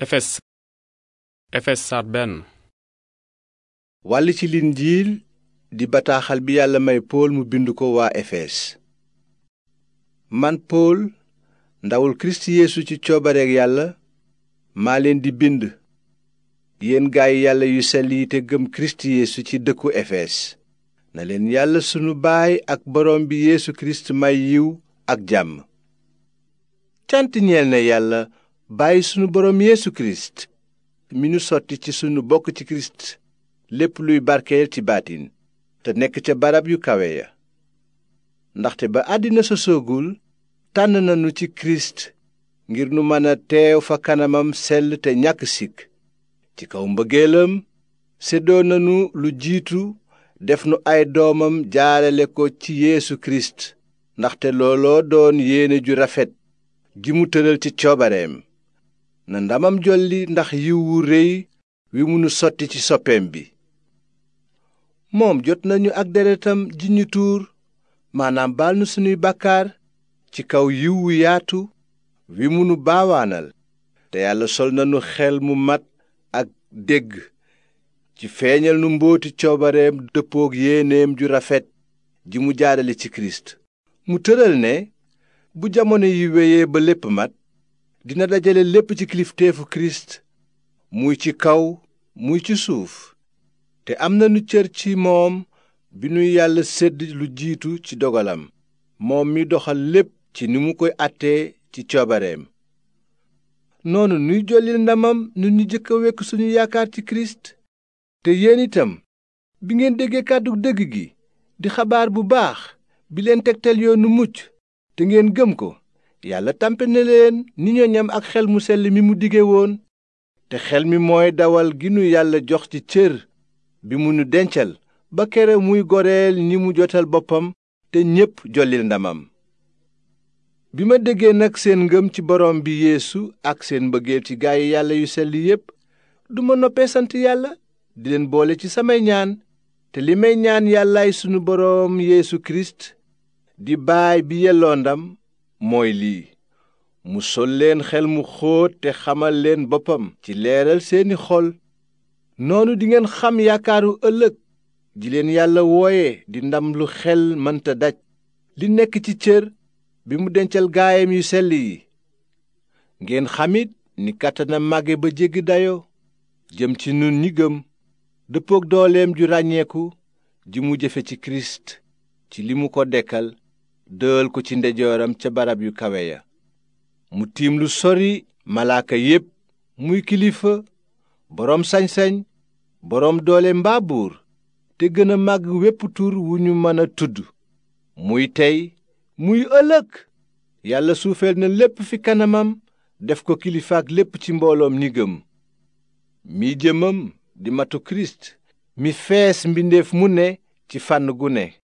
Efes Efes saar wàll ci linjiil di bataaxal bi yàlla may pool mu bind ko waa efes man pool ndawul kirist yeesu ci coobareeg yàlla maa leen di bind yéen gaay yàlla yu sell yi te gëm kirist yeesu ci dëkku efes na leen yàlla sunu baay ak boroom bi yeesu kirist may yiw ak jàmm cant ñeel na yàlla bàyyi sunu borom Yeesu kirist mi nu sotti ci sunu bokk ci kirist lépp luy barkeel ci baatin te nekk ca barab yu kawe ya ndaxte ba àddina sosoogul tànn nanu ci kirist ngir nu mën a teew fa kanamam sell te ñàkk sikk ci kaw mbëggeelam séddoo nanu lu jiitu def nu ay doomam jaarale ko ci yéesu kirist ndaxte looloo doon yéene ju rafet ji mu tëral ci coobareem na ndamam jolli ndax yiw wu réy wi munu sotti ci soppeem bi moom jot nañu ak deretam ji ñu tuur maanaam baal nu sunuy bàkkaar ci kaw yiw wu yaatu wi mënu baawaanal te yàlla sol nañu xel mu mat ak dégg ci feeñal nu mbooti coobareem dëppook yéeneem ju rafet ji mu jaarale ci kirist mu tëral ne bu jamono yi weyee ba lépp mat dina dajale lépp ci kilifteefu kirist muy ci kaw muy ci suuf te am nanu cër ci moom bi nuy yàlla sedd lu jiitu ci dogalam moom mi doxal lépp ci ni mu koy àttee ci coobareem noonu nuy jollil ndamam nu ñu jëkk a wekk suñu yaakaar ci kirist te yéen itam bi ngeen déggee kàddu dégg gi di xabaar bu baax bi leen tegtal yoonu mucc te ngeen gëm ko yàlla tàmpe na leen ni ñoñam ak xel mu selli mi mu dige woon te xel mi mooy dawal gi nu yàlla jox ci cër bi mu nu dencal ba kere muy goreel ñi mu jotal boppam te ñépp jollil ndamam bi ma déggee nag seen ngëm ci borom bi yeesu ak seen mbëggeel ci gaay yàlla yu selli yépp duma ma sant yàlla di leen boole ci samay ñaan te li may ñaan yàllaay sunu boroom yéesu Kirist di baay bi yelloo ndam mooy lii mu sol leen xel mu xóot te xamal leen boppam ci leeral seeni xol noonu dingeen xam yaakaaru ëllëg ji leen yàlla wooye di ndam lu xel mënta daj li nekk ci cër bi mu dencal gaayam yu sell yi ngeen xamit ni kàttanam màgge ba jéggi dayo jëm ci nun ñi gëm dëppook dooleem ju ràññeeku ji mu jëfe ci kirist ci li mu ko dekkal dëwal ko ci ndejooram ca barab yu kawe ya mu tiim lu sori malaaka yépp muy kilifa boroom sañsañ sañ boroom doole mbaa buur te gën a màgg wépp tur wu ñu mën a tudd muy tey muy ëllëg yàlla suufeel na lépp fi kanamam def ko kilifaak lépp ci mbooloom ñi gëm mi jëmam di matu kirist mi fees mbindeef mu ne ci fànn gu ne